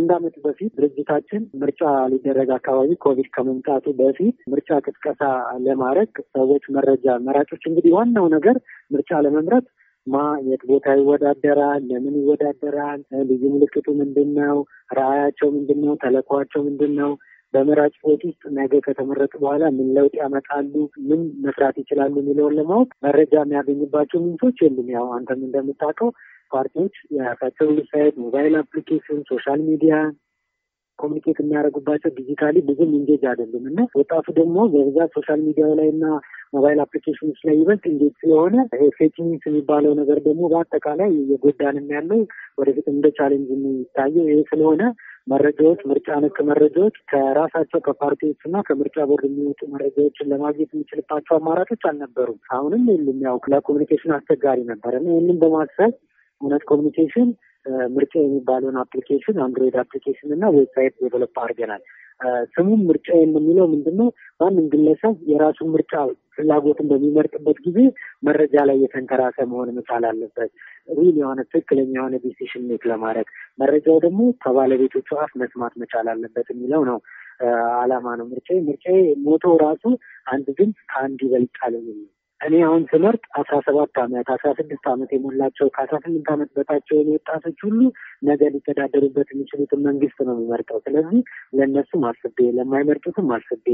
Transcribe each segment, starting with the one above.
ከአንድ ዓመት በፊት ድርጅታችን ምርጫ ሊደረግ አካባቢ ኮቪድ ከመምጣቱ በፊት ምርጫ ቅስቀሳ ለማድረግ ሰዎች መረጃ መራጮች እንግዲህ ዋናው ነገር ምርጫ ለመምረጥ ማ የት ቦታ ይወዳደራል፣ ለምን ይወዳደራል፣ ልዩ ምልክቱ ምንድን ነው፣ ራዕያቸው ምንድን ነው፣ ተለኳቸው ምንድን ነው በመራጭ ቦት ውስጥ ነገ ከተመረጡ በኋላ ምን ለውጥ ያመጣሉ፣ ምን መስራት ይችላሉ የሚለውን ለማወቅ መረጃ የሚያገኝባቸው ምንጮች የሉም። ያው አንተም እንደምታውቀው ፓርቲዎች የራሳቸውን ዌብሳይት፣ ሞባይል አፕሊኬሽን፣ ሶሻል ሚዲያ ኮሚኒኬት የሚያደርጉባቸው ዲጂታሊ ብዙም ኢንጌጅ አይደሉም እና ወጣቱ ደግሞ በብዛት ሶሻል ሚዲያው ላይ እና ሞባይል አፕሊኬሽኖች ላይ ይበልጥ እንዴት ስለሆነ ይሄ ፌክ ኒውስ የሚባለው ነገር ደግሞ በአጠቃላይ እየጎዳንም ያለው ወደፊት እንደ ቻሌንጅ የሚታየው ይሄ ስለሆነ መረጃዎች ምርጫ ነክ መረጃዎች ከራሳቸው ከፓርቲዎች እና ከምርጫ ቦርድ የሚወጡ መረጃዎችን ለማግኘት የሚችልባቸው አማራጮች አልነበሩም። አሁንም የሉም። ያው ለኮሚኒኬሽን አስቸጋሪ ነበር እና ይህንም በማሰብ እውነት ኮሚኒኬሽን ምርጫ የሚባለውን አፕሊኬሽን አንድሮይድ አፕሊኬሽን እና ዌብሳይት ዴቨሎፕ አድርገናል። ስሙም ምርጫ የምንለው ምንድን ነው? ማንም ግለሰብ የራሱ ምርጫ ፍላጎትን በሚመርጥበት ጊዜ መረጃ ላይ የተንተራሰ መሆን መቻል አለበት። ሪል የሆነ ትክክለኛ የሆነ ዲሲሽን ሜክ ለማድረግ መረጃው ደግሞ ከባለቤቶቹ አፍ መስማት መቻል አለበት የሚለው ነው አላማ ነው ምርጫ ምርጫ ሞቶ ራሱ አንድ ድምፅ ከአንድ ይበልጣል የሚል እኔ አሁን ትምህርት አስራ ሰባት ዓመት አስራ ስድስት ዓመት የሞላቸው ከአስራ ስምንት ዓመት በታቸው የሆኑ ወጣቶች ሁሉ ነገ ሊተዳደሩበት የሚችሉትን መንግስት ነው የሚመርጠው። ስለዚህ ለእነሱም አስቤ ለማይመርጡትም አስቤ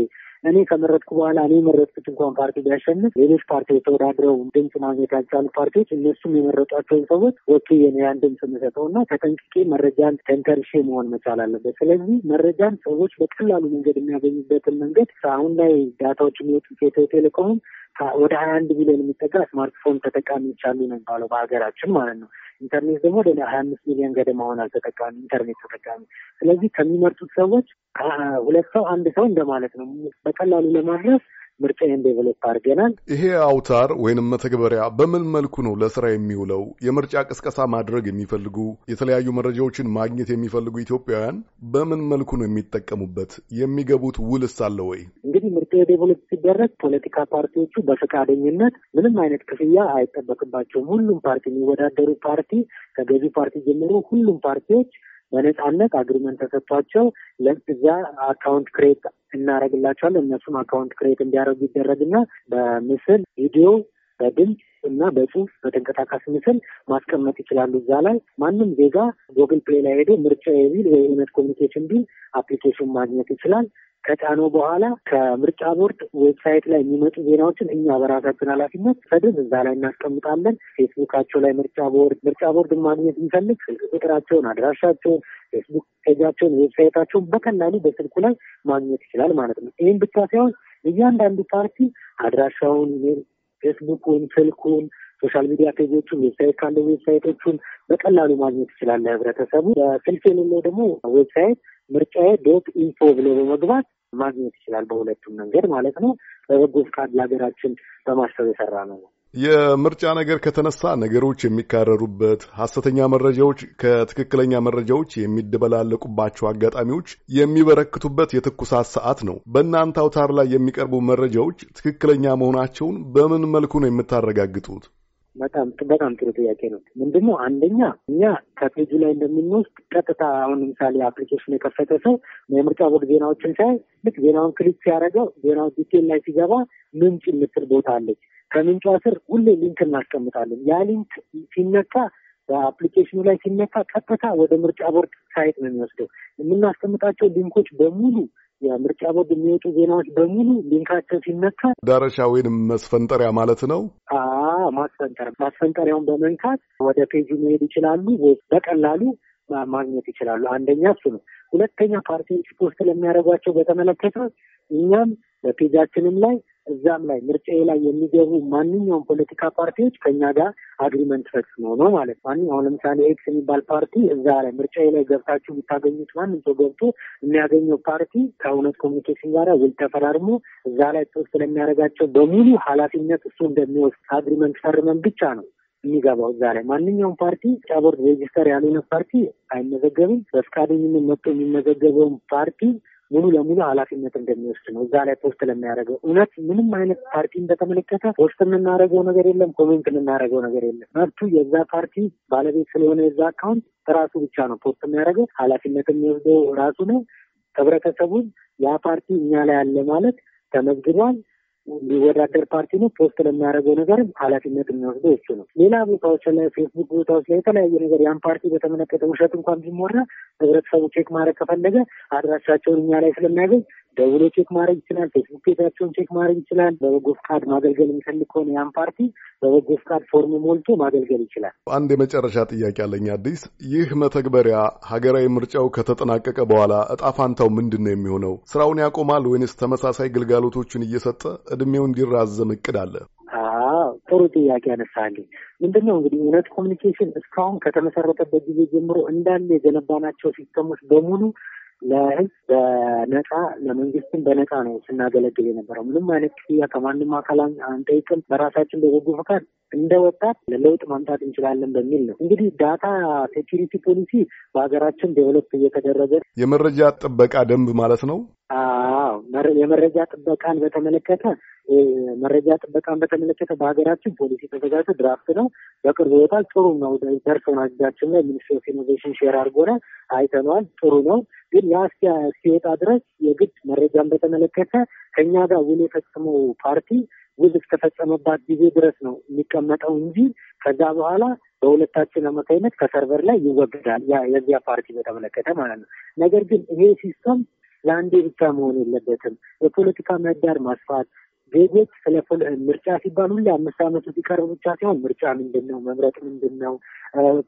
እኔ ከመረጥኩ በኋላ እኔ የመረጥኩት እንኳን ፓርቲ ቢያሸንፍ ሌሎች ፓርቲዎች ተወዳድረው ድምፅ ማግኘት ያልቻሉ ፓርቲዎች እነሱም የመረጧቸውን ሰዎች ወኪዬ ነው ያን ድምፅ የምሰጠው እና ተጠንቅቄ መረጃን ተንተርሼ መሆን መቻል አለበት። ስለዚህ መረጃን ሰዎች በቀላሉ መንገድ የሚያገኙበትን መንገድ አሁን ላይ ዳታዎች የሚወጡት ኢትዮ ቴሌኮምም ወደ ሀያ አንድ ሚሊዮን የሚጠጋ ስማርትፎን ተጠቃሚዎች አሉ ነው የሚባለው በሀገራችን ማለት ነው። ኢንተርኔት ደግሞ ወደ ሀያ አምስት ሚሊዮን ገደማ ሆናል ተጠቃሚ ኢንተርኔት ተጠቃሚ። ስለዚህ ከሚመርጡት ሰዎች ሁለት ሰው አንድ ሰው እንደማለት ነው። በቀላሉ ለማድረስ ምርጫን ዴቨሎፕ አድርገናል። ይሄ አውታር ወይንም መተግበሪያ በምን መልኩ ነው ለስራ የሚውለው? የምርጫ ቅስቀሳ ማድረግ የሚፈልጉ የተለያዩ መረጃዎችን ማግኘት የሚፈልጉ ኢትዮጵያውያን በምን መልኩ ነው የሚጠቀሙበት? የሚገቡት ውልስ አለ ወይ? እንግዲህ ምርጫ ዴቨሎፕ ሲደረግ ፖለቲካ ፓርቲዎቹ በፈቃደኝነት ምንም አይነት ክፍያ አይጠበቅባቸውም። ሁሉም ፓርቲ የሚወዳደሩ ፓርቲ ከገዢ ፓርቲ ጀምሮ ሁሉም ፓርቲዎች በነፃነት አግሪመንት ተሰጥቷቸው ለዛ አካውንት ክሬት እናደርግላቸዋለን። እነሱም አካውንት ክሬት እንዲያደርጉ ይደረግና በምስል ቪዲዮ፣ በድምፅ እና በጽሁፍ በተንቀሳቃሽ ምስል ማስቀመጥ ይችላሉ። እዛ ላይ ማንም ዜጋ ጎግል ፕሌይ ላይ ሄዶ ምርጫ የሚል ወይ እውነት ኮሚኒኬሽን ቢል አፕሊኬሽን ማግኘት ይችላል። ከጫኖ በኋላ ከምርጫ ቦርድ ዌብሳይት ላይ የሚመጡ ዜናዎችን እኛ በራሳችን ኃላፊነት ፈድን እዛ ላይ እናስቀምጣለን። ፌስቡካቸው ላይ ምርጫ ቦርድ ምርጫ ቦርድ ማግኘት የሚፈልግ ስልክ ቁጥራቸውን፣ አድራሻቸውን፣ ፌስቡክ ፔጃቸውን፣ ዌብሳይታቸውን በቀላሉ በስልኩ ላይ ማግኘት ይችላል ማለት ነው። ይህም ብቻ ሳይሆን እያንዳንዱ ፓርቲ አድራሻውን ፌስቡኩን፣ ስልኩን ሶሻል ሚዲያ ፔጆቹን፣ ዌብሳይት ካለ ዌብሳይቶቹን በቀላሉ ማግኘት ይችላል። ህብረተሰቡ ስልክ የሌለው ደግሞ ዌብሳይት ምርጫዬ ዶት ኢንፎ ብሎ በመግባት ማግኘት ይችላል። በሁለቱም መንገድ ማለት ነው። በበጎ ፍቃድ ለሀገራችን በማሰብ የሰራ ነው። የምርጫ ነገር ከተነሳ ነገሮች የሚካረሩበት ሐሰተኛ መረጃዎች ከትክክለኛ መረጃዎች የሚደበላለቁባቸው አጋጣሚዎች የሚበረክቱበት የትኩሳት ሰዓት ነው። በእናንተ አውታር ላይ የሚቀርቡ መረጃዎች ትክክለኛ መሆናቸውን በምን መልኩ ነው የምታረጋግጡት? በጣም በጣም ጥሩ ጥያቄ ነው። ምንድነው አንደኛ እኛ ከፔጁ ላይ እንደምንወስድ ቀጥታ አሁን ለምሳሌ አፕሊኬሽን የከፈተ ሰው የምርጫ ቦርድ ዜናዎችን ሳይ ልክ ዜናውን ክሊክ ሲያደርገው ዜናው ዲቴል ላይ ሲገባ ምንጭ የምትል ቦታ አለች። ከምንጯ ስር ሁሌ ሊንክ እናስቀምጣለን። ያ ሊንክ ሲነካ በአፕሊኬሽኑ ላይ ሲነካ ቀጥታ ወደ ምርጫ ቦርድ ሳይት ነው የሚወስደው። የምናስቀምጣቸው ሊንኮች በሙሉ የምርጫ ቦርድ የሚወጡ ዜናዎች በሙሉ ሊንካቸው ሲነካ ዳረሻ ወይንም መስፈንጠሪያ ማለት ነው። ማስፈንጠር ማስፈንጠሪያውን በመንካት ወደ ፔጁ መሄድ ይችላሉ። በቀላሉ ማግኘት ይችላሉ። አንደኛ እሱ ነው። ሁለተኛ ፓርቲዎች ፖስት ለሚያደርጓቸው በተመለከተ እኛም በፔጃችንም ላይ እዛም ላይ ምርጫ ላይ የሚገቡ ማንኛውም ፖለቲካ ፓርቲዎች ከኛ ጋር አግሪመንት ፈጽመው ነው ማለት ማ አሁን ለምሳሌ ኤክስ የሚባል ፓርቲ እዛ ላይ ምርጫ ላይ ገብታችሁ የምታገኙት ማንም ሰው ገብቶ የሚያገኘው ፓርቲ ከእውነት ኮሚኒኬሽን ጋር ውል ተፈራርሞ እዛ ላይ ጽሑፍ ስለሚያደርጋቸው በሙሉ ኃላፊነት እሱ እንደሚወስድ አግሪመንት ፈርመን ብቻ ነው የሚገባው እዛ ላይ ማንኛውም ፓርቲ ምርጫ ቦርድ ሬጅስተር ያልሆነ ፓርቲ አይመዘገብም። በፍቃደኝነት መጥቶ የሚመዘገበውን ፓርቲ ሙሉ ለሙሉ ኃላፊነት እንደሚወስድ ነው እዛ ላይ ፖስት ለሚያደርገው። እውነት ምንም አይነት ፓርቲ በተመለከተ ፖስት የምናደርገው ነገር የለም፣ ኮሜንት የምናደርገው ነገር የለም። መብቱ የዛ ፓርቲ ባለቤት ስለሆነ የዛ አካውንት ራሱ ብቻ ነው ፖስት የሚያደርገው። ኃላፊነት የሚወስደው ራሱ ነው። ህብረተሰቡን ያ ፓርቲ እኛ ላይ ያለ ማለት ተመዝግቧል እንዲወዳደር ፓርቲ ነው። ፖስት ለሚያደርገው ነገር ኃላፊነት የሚወስደው እሱ ነው። ሌላ ቦታዎች ላይ ፌስቡክ ቦታዎች ላይ የተለያየ ነገር ያን ፓርቲ በተመለከተ ውሸት እንኳን ቢሞራ ህብረተሰቡ ቼክ ማድረግ ከፈለገ አድራሻቸውን እኛ ላይ ስለሚያገኝ ደውሎ ቼክ ማድረግ ይችላል። ፌስቡክ ፔጃቸውን ቼክ ማድረግ ይችላል። በበጎ ፍቃድ ማገልገል የሚፈልግ ከሆነ ያን ፓርቲ በበጎ ፍቃድ ፎርም ሞልቶ ማገልገል ይችላል። አንድ የመጨረሻ ጥያቄ አለኝ። አዲስ ይህ መተግበሪያ ሀገራዊ ምርጫው ከተጠናቀቀ በኋላ እጣ ፋንታው ምንድን ነው የሚሆነው? ስራውን ያቆማል ወይንስ ተመሳሳይ ግልጋሎቶችን እየሰጠ ዕድሜው እንዲራዘም እቅድ አለ? ጥሩ ጥያቄ ያነሳልኝ። ምንድነው እንግዲህ እውነት ኮሚኒኬሽን እስካሁን ከተመሰረተበት ጊዜ ጀምሮ እንዳለ የገነባናቸው ሲስተሞች በሙሉ ለህዝብ በነፃ ለመንግስትም በነፃ ነው ስናገለግል የነበረው። ምንም አይነት ክፍያ ከማንም አካል አንጠይቅም። በራሳችን በበጎ ፈቃድ እንደ ወጣት ለለውጥ ማምጣት እንችላለን በሚል ነው። እንግዲህ ዳታ ሴኪሪቲ ፖሊሲ በሀገራችን ዴቨሎፕ እየተደረገ የመረጃ ጥበቃ ደንብ ማለት ነው። የመረጃ ጥበቃን በተመለከተ መረጃ ጥበቃን በተመለከተ በሀገራችን ፖሊሲ ተዘጋጅቶ ድራፍት ነው። በቅርብ ይወጣል። ጥሩ ነው። ደርሰናል። እጃችን ላይ ሚኒስትሪ ኦፍ ኢኖቬሽን ሼር አድርጎናል፣ አይተነዋል። ጥሩ ነው። ግን ያ እስኪወጣ ድረስ የግድ መረጃን በተመለከተ ከእኛ ጋር ውል የፈጽመው ፓርቲ ውል እስከፈጸመባት ጊዜ ድረስ ነው የሚቀመጠው እንጂ ከዛ በኋላ በሁለታችን አማካኝነት ከሰርቨር ላይ ይወገዳል። የዚያ ፓርቲ በተመለከተ ማለት ነው። ነገር ግን ይሄ ሲስተም ለአንዴ ብቻ መሆን የለበትም። የፖለቲካ ምህዳር ማስፋት ዜጎች ስለ ምርጫ ሲባል ሁሌ አምስት ዓመቱ ሲቀርብ ብቻ ሲሆን ምርጫ ምንድን ነው፣ መምረጥ ምንድን ነው፣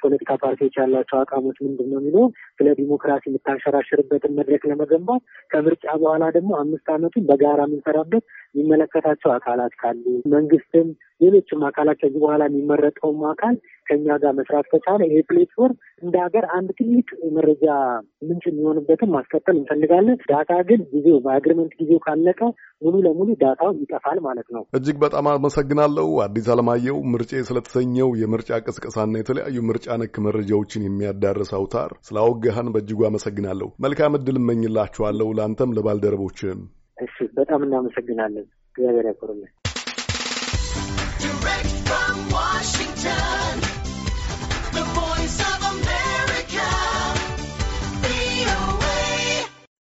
ፖለቲካ ፓርቲዎች ያላቸው አቋሞች ምንድን ነው የሚለውን ስለ ዲሞክራሲ የምታንሸራሽርበትን መድረክ ለመገንባት ከምርጫ በኋላ ደግሞ አምስት ዓመቱን በጋራ የምንሰራበት የሚመለከታቸው አካላት ካሉ መንግስትም፣ ሌሎችም አካላት ከዚህ በኋላ የሚመረጠውም አካል ከኛ ጋር መስራት ከቻለ ይሄ ፕሌትፎርም እንደ ሀገር አንድ ትልቅ መረጃ ምንጭ የሚሆንበትን ማስቀጠል እንፈልጋለን። ዳታ ግን ጊዜው በአግሪመንት ጊዜው ካለቀ ሙሉ ለሙሉ ዳታው ይጠፋል ማለት ነው። እጅግ በጣም አመሰግናለሁ። አዲስ አለማየሁ ምርጬ ስለተሰኘው የምርጫ ቅስቀሳና የተለያዩ ምርጫ ነክ መረጃዎችን የሚያዳርስ አውታር ስለ በእጅጉ አመሰግናለሁ። መልካም እድል እመኝላችኋለሁ ለአንተም ለባልደረቦችም እሺ፣ በጣም እናመሰግናለን። እግዚአብሔር ያክብርልን።